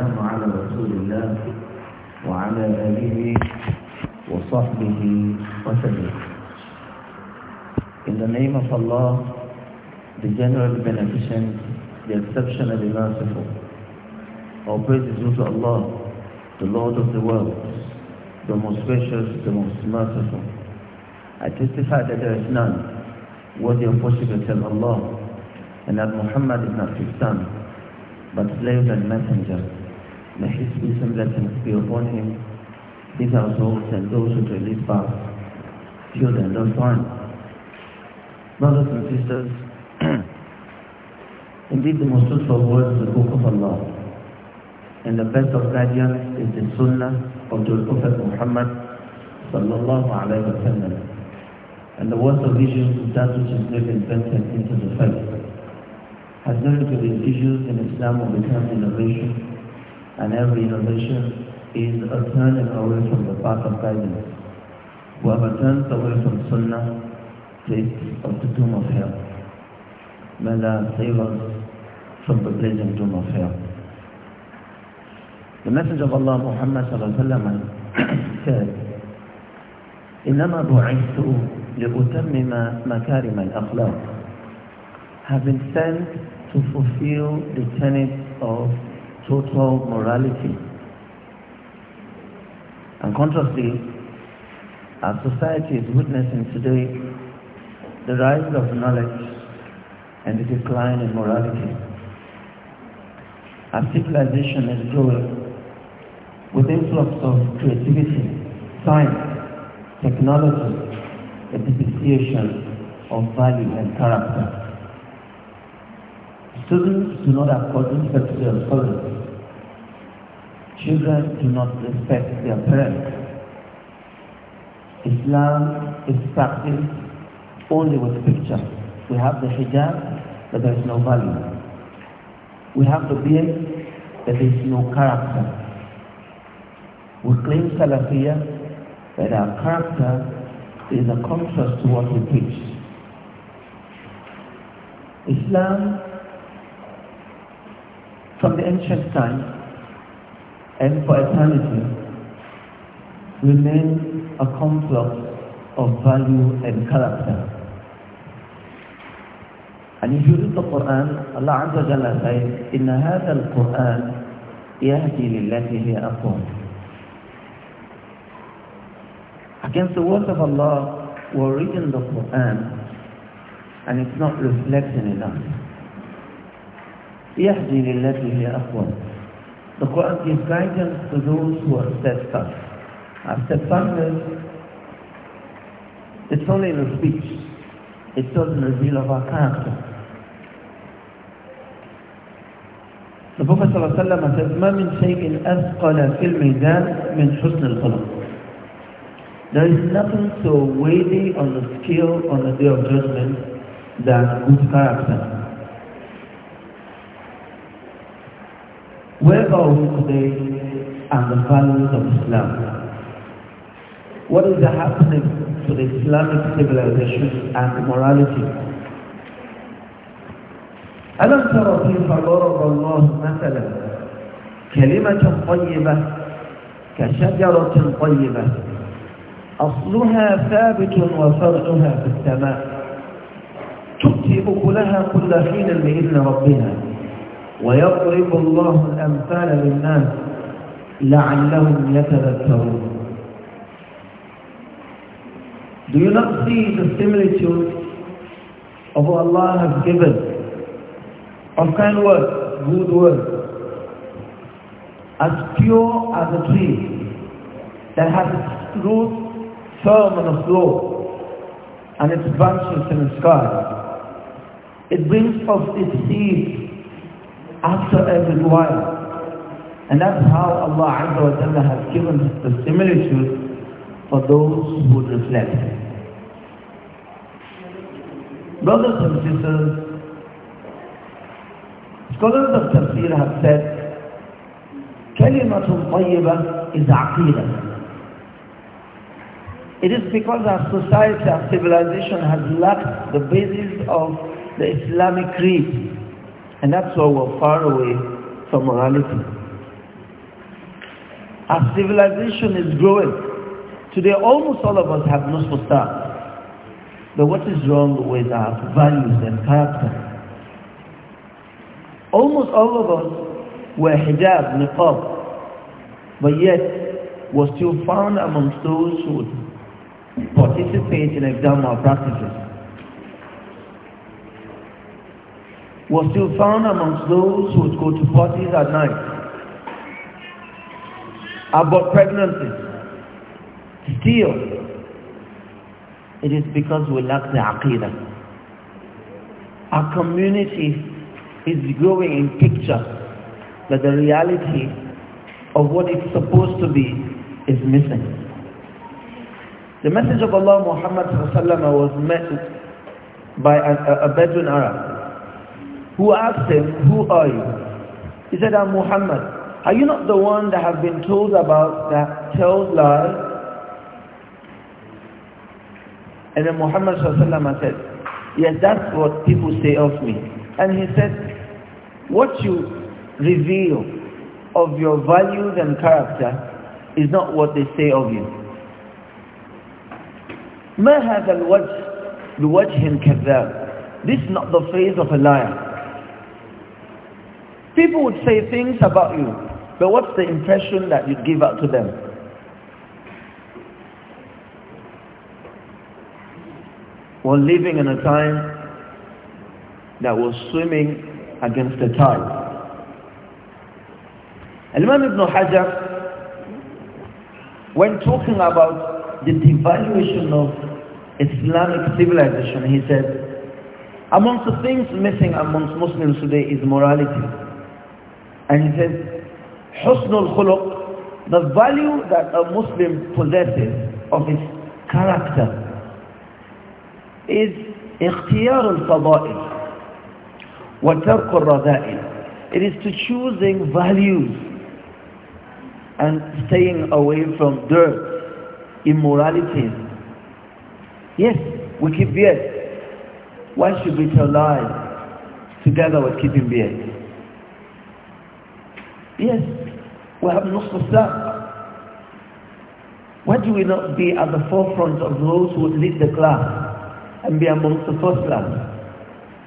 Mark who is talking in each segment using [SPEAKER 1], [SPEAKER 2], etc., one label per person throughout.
[SPEAKER 1] والسلام على رسول الله وعلى آله وصحبه وسلم In the name of Allah, the general beneficent, the exceptionally merciful. our praise is due to Allah, the Lord of the world, the most gracious, the most merciful. I testify that there is none worthy of worship except Allah, and that Muhammad is not his son, but slave and messenger. May his peace blessings be upon him, his household, and those who dwell his path, children those born. Brothers and sisters, indeed the most truthful word is the Book of Allah, and the best of guidance is the Sunnah of the Prophet Muhammad sallallahu alayhi wasallam. And the worst of issues is that which is not invented into the faith. Has nothing to do with issues in Islam or become innovation and every innovation is a turning away from the path of guidance. Whoever turns away from Sunnah takes of the doom of hell. May Allah save us from the blazing doom of hell. The message of Allah Muhammad said, إنما بعثت لأتمم مكارم الأخلاق been sent to fulfill the tenets of total morality. And contrastly, our society is witnessing today the rise of knowledge and the decline in morality. Our civilization is growing with influx of creativity, science, technology, a depreciation of value and character. Students do not accord importance to their scholars Children do not respect their parents. Islam is practiced only with pictures. We have the hijab, but there is no value. We have the beard, but there is no character. We claim Salafiyah, but our character is a contrast to what we preach. Islam, from the ancient times, and for eternity remain a complex of value and character. And if you read the Quran, Allah Azza Jalla says, إِنَّ al al-Qur'ān yahdi لِلَّتِي هِيَ أَقْوَمُ Against the words of Allah were written the Quran and it's not reflecting enough. يَهْدِي لِلَّتِي هِيَ أَقْوَمُ the Quran gives guidance to those who are steadfast. Our steadfastness, it's only in the speech. It doesn't reveal of our character. The Prophet ﷺ says, مَا مِنْ شَيْءٍ أَثْقَلَ فِي الْمِيزَانِ مِنْ حُسْنِ الْخَلَقِ There is nothing so weighty on the scale on the day of judgment than good character. Where are we today and the values of Islam? What is happening to the Islamic civilization and morality? ألم ترى كيف ضرب الله مثلا كلمة طيبة كشجرة طيبة أصلها ثابت وفرعها في السماء تؤتي أكلها كل حين بإذن ربها ويضرب الله الأمثال للناس لعلهم يتذكرون Do you not see the similitude of what Allah has given of kind words, good words, as pure as a tree that has its roots firm on the floor and its branches in the sky. It brings forth its seeds after every while, And that's how Allah Azza wa Jalla has given the similitude for those who reflect. Brothers and sisters, scholars of tafsir have said كلمة طيبة is Aqeedah." It is because our society, our civilization has lacked the basis of the Islamic creed. And that's why we're far away from morality. Our civilization is growing. Today almost all of us have no start. But what is wrong with our values and character? Almost all of us wear hijab, niqab, but yet were still found amongst those who participate in exam malpractices. was still found amongst those who would go to parties at night. About pregnancy, still, it is because we lack the aqidah. Our community is growing in picture but the reality of what it's supposed to be is missing. The message of Allah Muhammad was met by a, a Bedouin Arab who asked him, Who are you? He said, I'm Muhammad. Are you not the one that have been told about that tells lies? And then Muhammad said, Yes, that's what people say of me. And he said, What you reveal of your values and character is not what they say of you. ما هذا الوجه بوجه كذاب This is not the face of a liar. People would say things about you, but what's the impression that you give out to them? We're living in a time that was swimming against the tide. Imam Ibn Hajar, when talking about the devaluation of Islamic civilization, he said, amongst the things missing amongst Muslims today is morality. And he says, Husnul Khuluq, the value that a Muslim possesses of his character is اختيار الفضائل وترك الرذائل. It is to choosing values and staying away from dirt, immoralities. Yes, we keep beard. Why should we tell lies together with keeping beard? Yes, we have Nusra Islam. Why do we not be at the forefront of those who lead the class and be amongst the first class?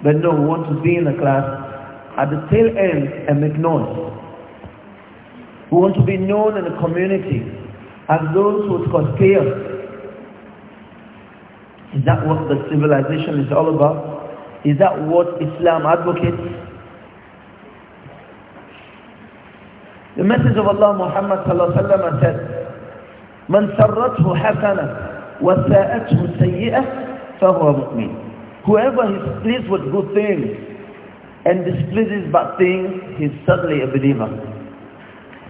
[SPEAKER 1] But no, we want to be in the class at the tail end and make noise. We want to be known in the community as those who cause chaos. Is that what the civilization is all about? Is that what Islam advocates? The message of Allah Muhammad sallallahu said, من سرته حسنة وساءته سيئة فهو مؤمن. Whoever is pleased with good things and displeases bad things, he is certainly a believer.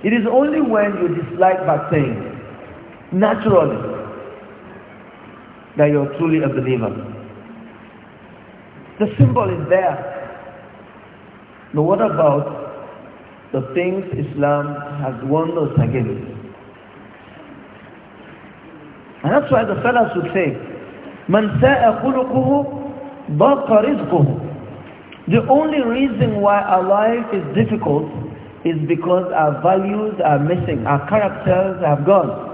[SPEAKER 1] It is only when you dislike bad things, naturally, that you are truly a believer. The symbol is there. But what about the things Islam has warned us against. And that's why the fellows would say, Man The only reason why our life is difficult is because our values are missing, our characters have gone.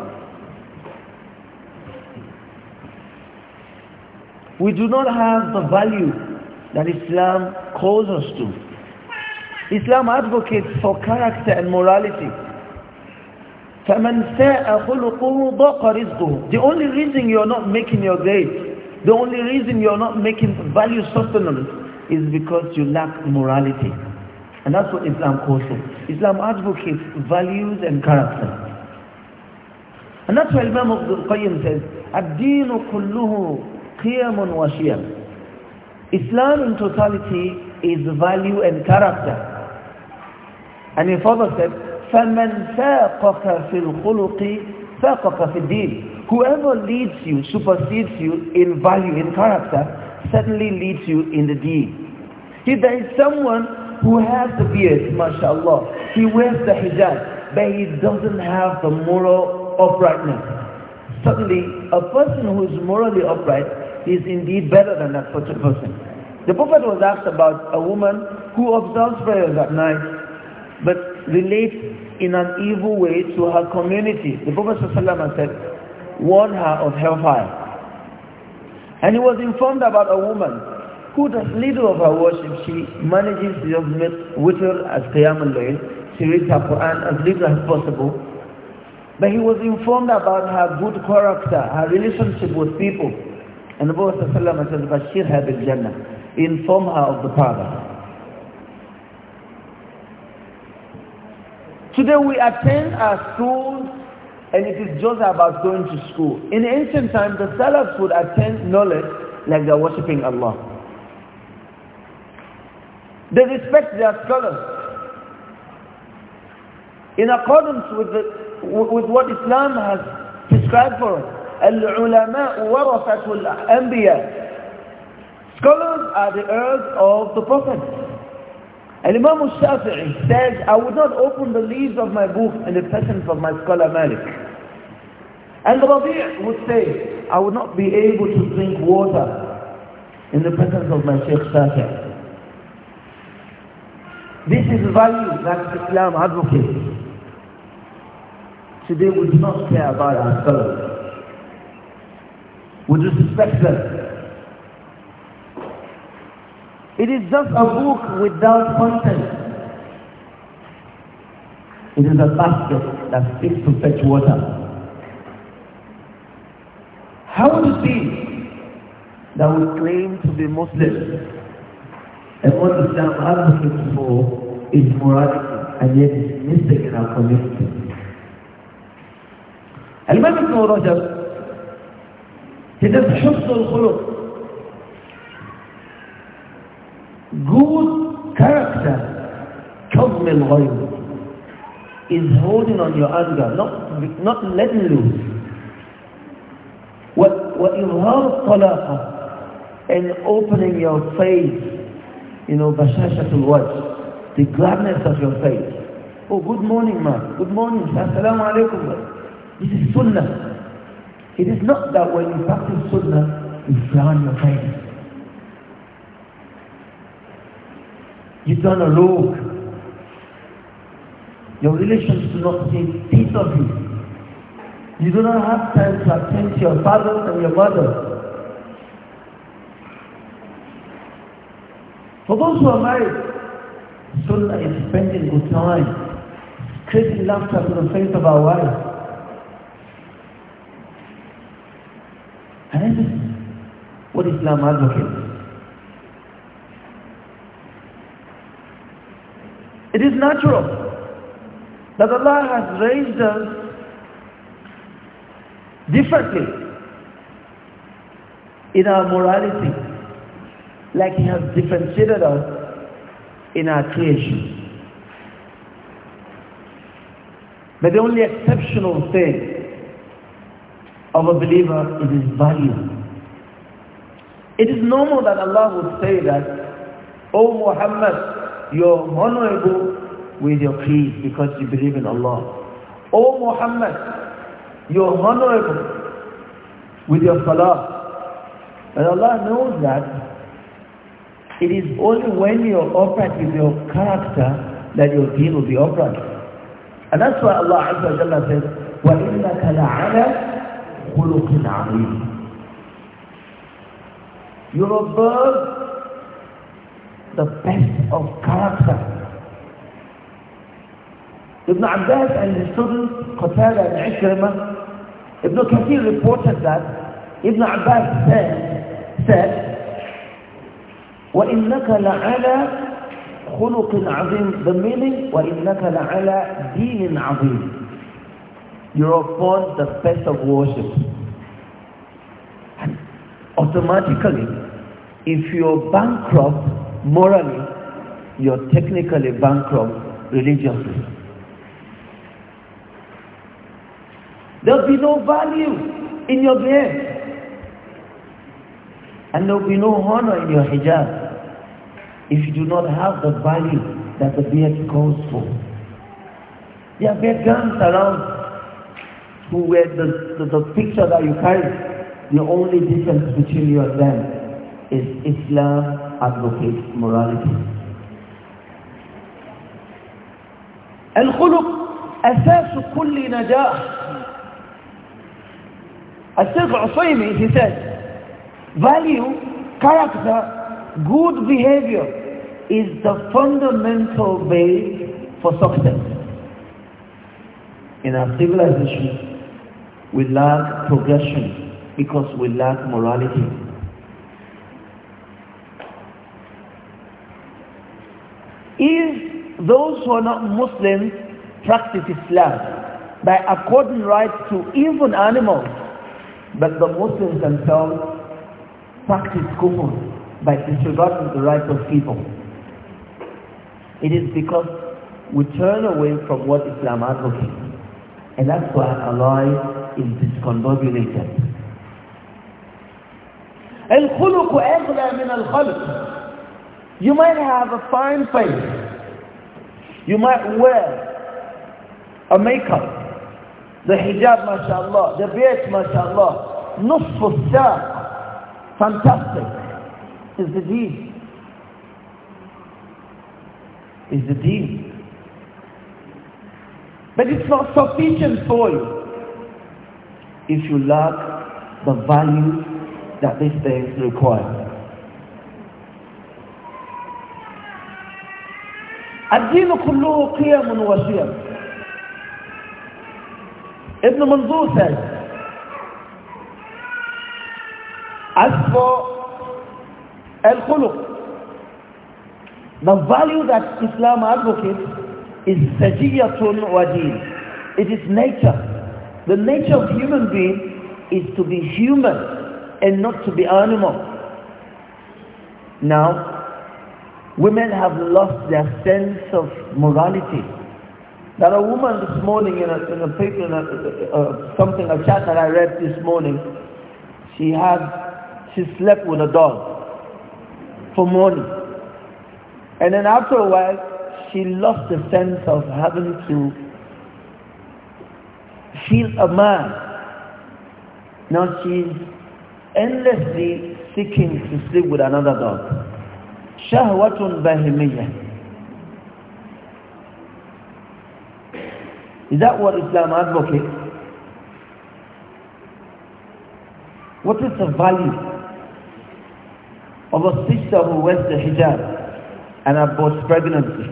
[SPEAKER 1] We do not have the value that Islam calls us to. Islam advocates for character and morality. فَمَنْ سَاءَ خُلُقُهُ رِزْقُهُ The only reason you're not making your grade, the only reason you're not making value sustenance is because you lack morality. And that's what Islam calls it. Islam advocates values and character. And that's why Imam Abdul Qayyim says, الدين كله قيم وشيم Islam in totality is value and character. And he further said, فَمَنْ فِي الْخُلُقِ فَاقَكَ فِي الدِّينِ Whoever leads you, supersedes you in value, in character, certainly leads you in the deed. If there is someone who has the beard, mashallah, he wears the hijab, but he doesn't have the moral uprightness. Certainly, a person who is morally upright is indeed better than that person. The Prophet was asked about a woman who observes prayers at night but relate in an evil way to her community. The Prophet ﷺ said, warn her of hellfire. And he was informed about a woman who does little of her worship. She manages to just meet with her as Qiyam She reads her Quran as little as possible. But he was informed about her good character, her relationship with people. And the Prophet ﷺ said, Bashir her Jannah. Inform her of the paradise. Today we attend our schools and it is just about going to school. In ancient times, the Salafs would attend knowledge like they're worshipping Allah. They respect their scholars. In accordance with, the, with what Islam has prescribed for us, العلماء ورثة الأنبياء Scholars are the heirs of the prophets. And Imam Shafi'i says, I would not open the leaves of my book in the presence of my scholar Malik. And the Rabi' would say, I would not be able to drink water in the presence of my Sheikh Shafi'i. This is value that Islam advocates. Today we do not care about our scholars. We disrespect them. It is just a book without content. It is a basket that seeks to fetch water. How do these that we claim to be Muslims and what Islam advocates for is morality and yet is missing in our community? المهم ابن رجب تدرس حسن الخلق good character Togmil Ghayb is holding on your anger, not, not letting loose. وإظهار الطلاقة and opening your face, you know, bashashatul wajh, the gladness of your face. Oh, good morning, ma. Good morning. Assalamu alaikum. This is sunnah. It is not that when you practice sunnah, you frown your face. You don't look. Your relations do not take peace of you. You do not have time to attend to your father and your mother. For those who are married, Sunnah is spending good time, creating laughter to the face of our wives. And this is what Islam advocates. It is natural that Allah has raised us differently in our morality, like He has differentiated us in our creation. But the only exceptional thing of a believer is his value. It is normal that Allah would say that, O Muhammad, You're are honorable with your creed because you believe in Allah. O Muhammad, you're are honorable with your salah. And Allah knows that it is only when you are upright with your character that your deen will be upright. And that's why Allah Azza wa says, وَإِنَّكَ لَعَلَى خُلُقٍ عَظِيمٍ You're above the best of character. Ibn Abbas and his students, Qatada and Ikrimah, Ibn Kathir reported that Ibn Abbas said, said وَإِنَّكَ لَعَلَى خُلُقٍ عَظِيمٍ The meaning, وَإِنَّكَ لَعَلَى دِينٍ عَظِيمٍ You're upon the best of worship. And automatically, if you're bankrupt, morally, you're technically bankrupt religiously. There'll be no value in your beard, And there'll be no honor in your hijab if you do not have the value that the beard calls for. There are beard around who wear the, the, the picture that you carry. The only difference between you and them is Islam Advocate morality. الخلق أساس كل نجاح. الشيخ عصيمي he said, value, character, good behavior is the fundamental base for success. In our civilization, we lack progression because we lack morality. If those who are not Muslims practice Islam by according rights to even animals, but the Muslims themselves practice kufr by disregarding the rights of people. It is because we turn away from what Islam advocates. And that's why Allah is discombobulated. الخلق أغلى من الخلق you might have a fine face. You might wear a makeup. The hijab, mashallah. The beard, mashallah. Nusfu shah, Fantastic. Is the deed. Is the deed. But it's not sufficient for you if you lack the value that these things require. الدين كله قيم وسيم ابن منظور ثاني as for الخلق the value that Islam advocates is sajiyatun wadeen it is nature the nature of human being is to be human and not to be animal now Women have lost their sense of morality. That a woman this morning in a, in a paper, in a, uh, something, a chat that I read this morning, she had, she slept with a dog for money. And then after a while, she lost the sense of having to feel a man. Now she's endlessly seeking to sleep with another dog. شهوة باهمية Is that what Islam What is the value of a sister who wears the hijab and aborts pregnancy?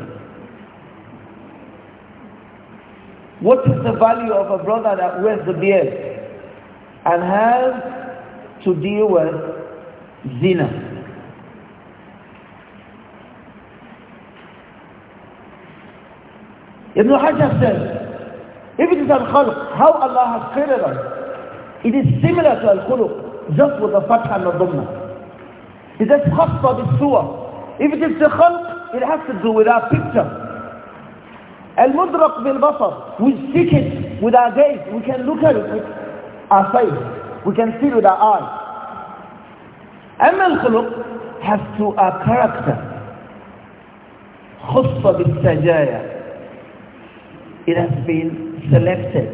[SPEAKER 1] What is the value of a brother that wears the beard and has to deal with zina? Ibn Hajar says, if it is al-khalq, how Allah has created us, it is similar to al-khuluq, just with the fatha and the dhamma. It is khassa the Suwa. If it is the khalq, it has to do with our picture. Al-mudraq bil-basar, we seek it with our gaze, we can look at it with our sight, we can see with our eyes. al الخلق has to our character خص بالسجايا it has been selected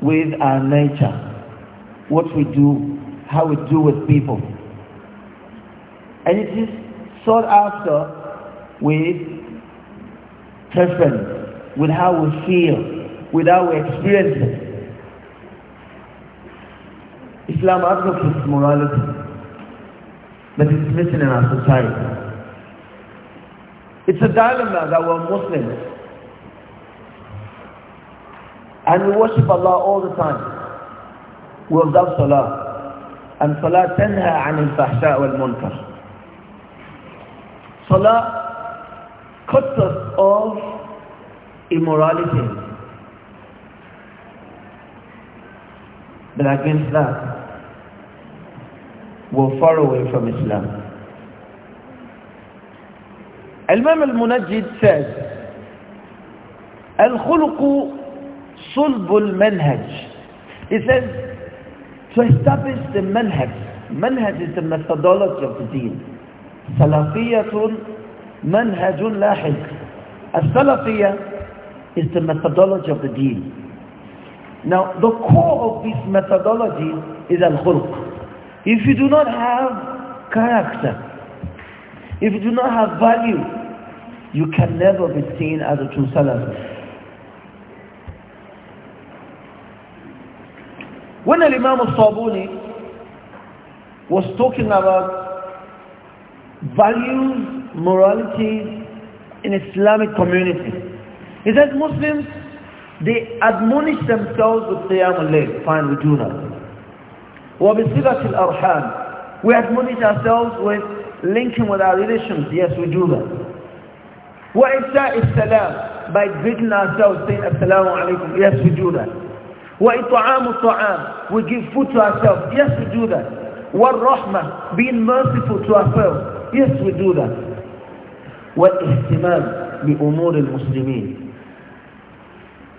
[SPEAKER 1] with our nature, what we do, how we do with people. And it is sought after with preference, with how we feel, with how we experience it. Islam advocates morality it's missing in our society. It's a dilemma that we're Muslims And we worship Allah all the time. We love Salah. And Salah تنهى fahsha wal munkar. Salah cuts us off immorality. But against that, we're far away from Islam. Imam al-Munajjid says, الخلق Sulbul Manhaj. He says, to establish the manhaj, manhaj is the methodology of the deen. Salafiyatun manhajun lahid. As-Salafiyah is the methodology of the deen. Now, the core of this methodology is al-khulq. If you do not have character, if you do not have value, you can never be seen as a true Salafi. When Imam al-Sabuni was talking about values, morality in Islamic community, he says Muslims, they admonish themselves with Qiyam al-Layl. Fine, we do that. وَبِصِغَةِ الْأَرْحَامِ We admonish ourselves with linking with our relations. Yes, we do that. وَإِسَاءِ السَّلَامِ By greeting ourselves, saying Assalamu alaikum. Yes, we do that. وَإِطْعَامُ الطَّعَامِ We give food to ourselves. Yes, we do that. وَالرَّحْمَةِ Being merciful to ourselves. Yes, we do that. وَالْإِهْتِمَامِ بِأُمُورِ الْمُسْلِمِينَ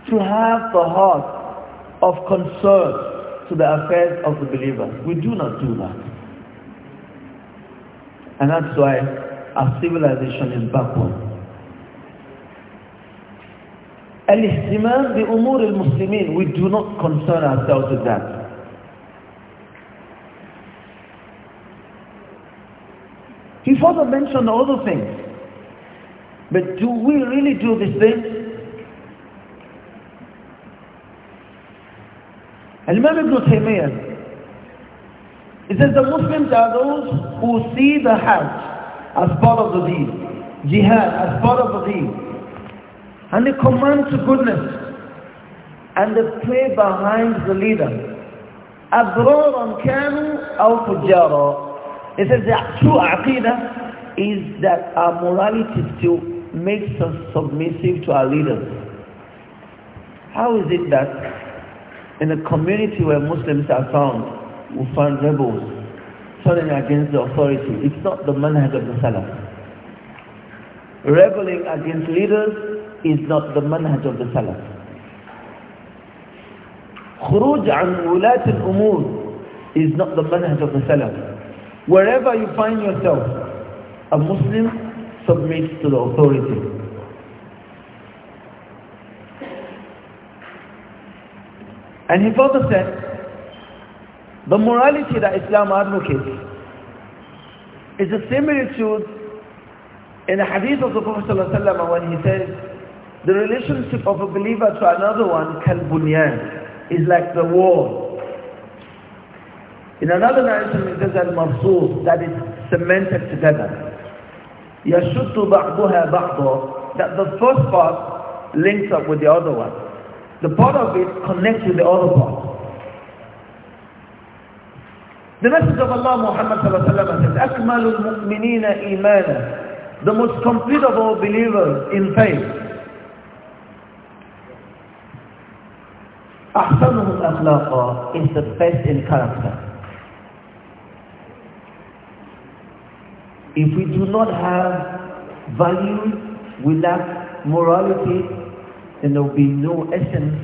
[SPEAKER 1] To have the heart of concern to the affairs of the believers. We do not do that. And that's why our civilization is backward. الاهتمام بأمور المسلمين we do not concern ourselves with that he further mentioned other things but do we really do these things Imam Ibn Taymiyyah He says the Muslims are those who see the Hajj as part of the deen, jihad as part of the deen, and they command to goodness and they play behind the leader. أبرارا كانوا أو فجارا It says that true aqidah is that our morality still makes us submissive to our leaders. How is it that in a community where Muslims are found, we find rebels turning against the authority? It's not the manhaj of the Salaf. Rebelling against leaders is not the manhaj of the Salaf. خروج عن ولاة الأمور is not the manhaj of the Salaf. Wherever you find yourself, a Muslim submits to the authority. And he further said, the morality that Islam advocates is a similitude in the hadith of the Prophet ﷺ when he says, the relationship of a believer to another one, kalbunyan, is like the wall. In another narration it says al-mabsur, that is cemented together. يَشُدُّ بَعْضُهَا بَعْضًا That the first part links up with the other one. The part of it connects with the other part. The message of Allah Muhammad says, أَكْمَلُ الْمُؤْمِنِينَ إِيمَانًا The most complete of all believers in faith. أحسنهم أخلاقا is the best in character. If we do not have values, we lack morality, then there will be no essence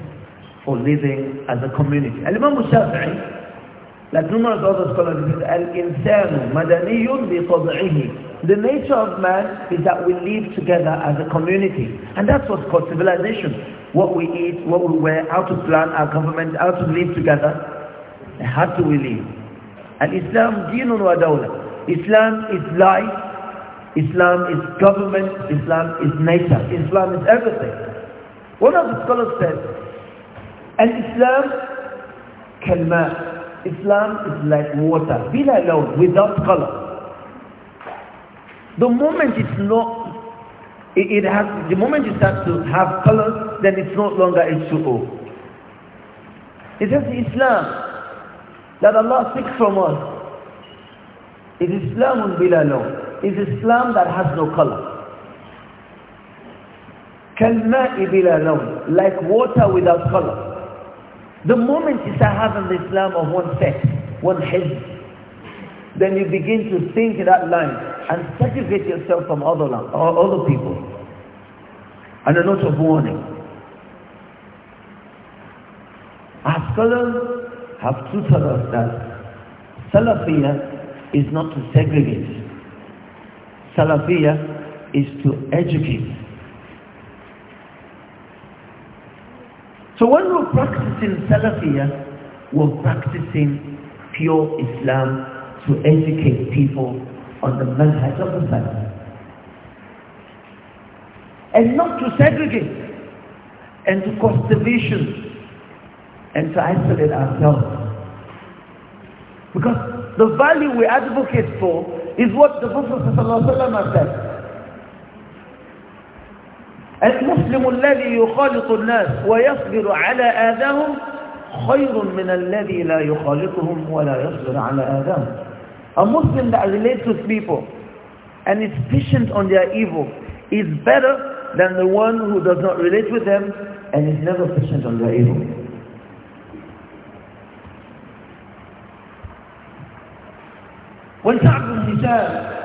[SPEAKER 1] for living as a community. Al-Imam al-Shafi'i, like numerous other scholars, says, Al-Insanu madaniyun bi The nature of man is that we live together as a community. And that's what's called civilization what we eat, what we wear, how to plan our government, how to live together. How do we live? And Islam, dinun wa dawla. Islam is life, Islam is government, Islam is nature, Islam is everything. One of the scholars said, and Islam, kalma, Islam is like water, bila alone, without color. The moment it's not it, it has, the moment you start to have color, then it's no longer H2O. It is Islam that Allah seeks from us. It is Islam bila law. It is Islam that has no color. كالماء بلا like water without color the moment you start having the Islam of one set, one hizb then you begin to think that line and segregate yourself from other, other people. And a note of warning. Our scholars have taught us that Salafiyah is not to segregate. Salafiyah is to educate. So when we're practicing Salafiyah, we're practicing pure Islam to educate people on the manhaj of the family. And not to segregate, and to cause division, and to isolate ourselves. Because the value we advocate for is what the Prophet ﷺ said. المسلم الذي يخالط الناس ويصبر على آذاهم خير من الذي لا يخالطهم ولا يصبر على آذاهم A Muslim that relates with people and is patient on their evil is better than the one who does not relate with them and is never patient on their evil.
[SPEAKER 2] When sa bin